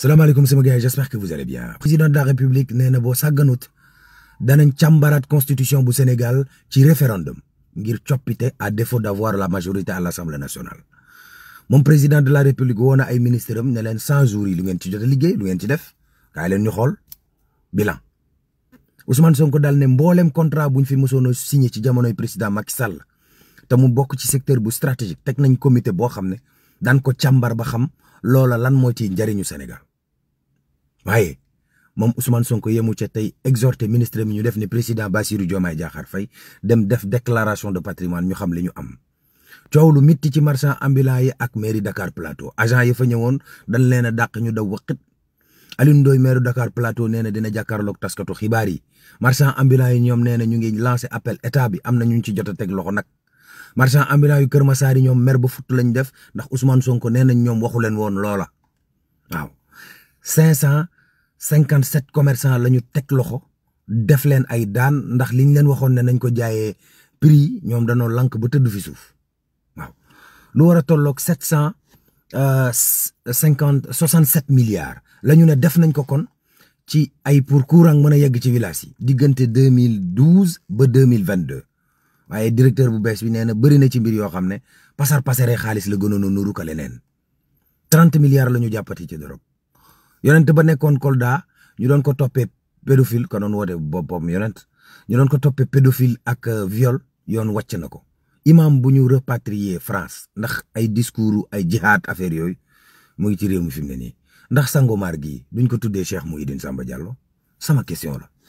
salaamaaleykum sama gars yi j'espère que vous allez bien président de la république nee boo sàgganut danañ càmbaraat constitution bu Sénégal ci référendum ngir coppite à défaut d'avoir la majorité à l'Assemblée nationale moom président de la république woo na ay ministres am ne leen cent jours yi lu ngeen ci jot liggéey lu ngeen ci def kaay leen ñu xool bilan Ousmane Sonko daal ne mboolem contrat bu ñu fi mosoon signé ci jamonoy président Macky Sall te mu bokk ci secteur bu stratégique teg nañ comité boo xam ne daan ko càmbar ba xam loola lan moo ci njariñu Sénégal waaye moom Ousmane Sonko yemu ca tey exhorté ministre mi ñu def ni président Bassirou Diomaye Diakhar Faye dem def déclaration de patrimoine ñu xam li ñu am coow lu mitti ci marchand ambulant yi ak mairie Dakar Plateau agent yi fa ñëwoon dañ leen a dàq ñu daw waqit Alioune Ndoye maire Dakar Plateau nee na dina jàkkaarloog taskatu xibaar yi marchand ambulant yi ñoom nee na ñu ngi lancé appel état bi am na ñu ci jot a teg loxo nag marchand ambulant yu Kër Massar yi ñoom maire ba futt lañ def ndax Ousmane Sonko nee nañ ñoom waxu leen woon loola waaw cinq cent cinquante sept commerçant la ñu teg loxo def leen ay daan ndax liñ leen waxoon ne nañ ko jaaye prix ñoom danoo lank ba tëdd fi suuf waaw lu war a tolloog sept cent euh, cinquante soixante sept milliards la ñu ne def nañ ko kon ci ay pour courant mën a yegg ci village yi diggante deux mille douze ba deux mille vingt deux waaye directeur bu bees bi nee na bëri na ci mbir yoo xam ne pasar pasare xaalis la gënoon a nuru ka leneen trente milliards la ñu jàppati ci dorog yonent ba nekkoon Kolda ñu doon ko toppee pédophile ka doon woote boppam yonent ñu doon ko toppee pédophile ak euh, viol yoon wàcc na ko imam bu ñu rapatrier France ndax ay discours ay jihaad affaire yooyu mu ngi ci réew mi fi mu ne nii ndax Sangomar gii duñ ko tuddee Cheikh Mouhidine Samba Diallo sama question la.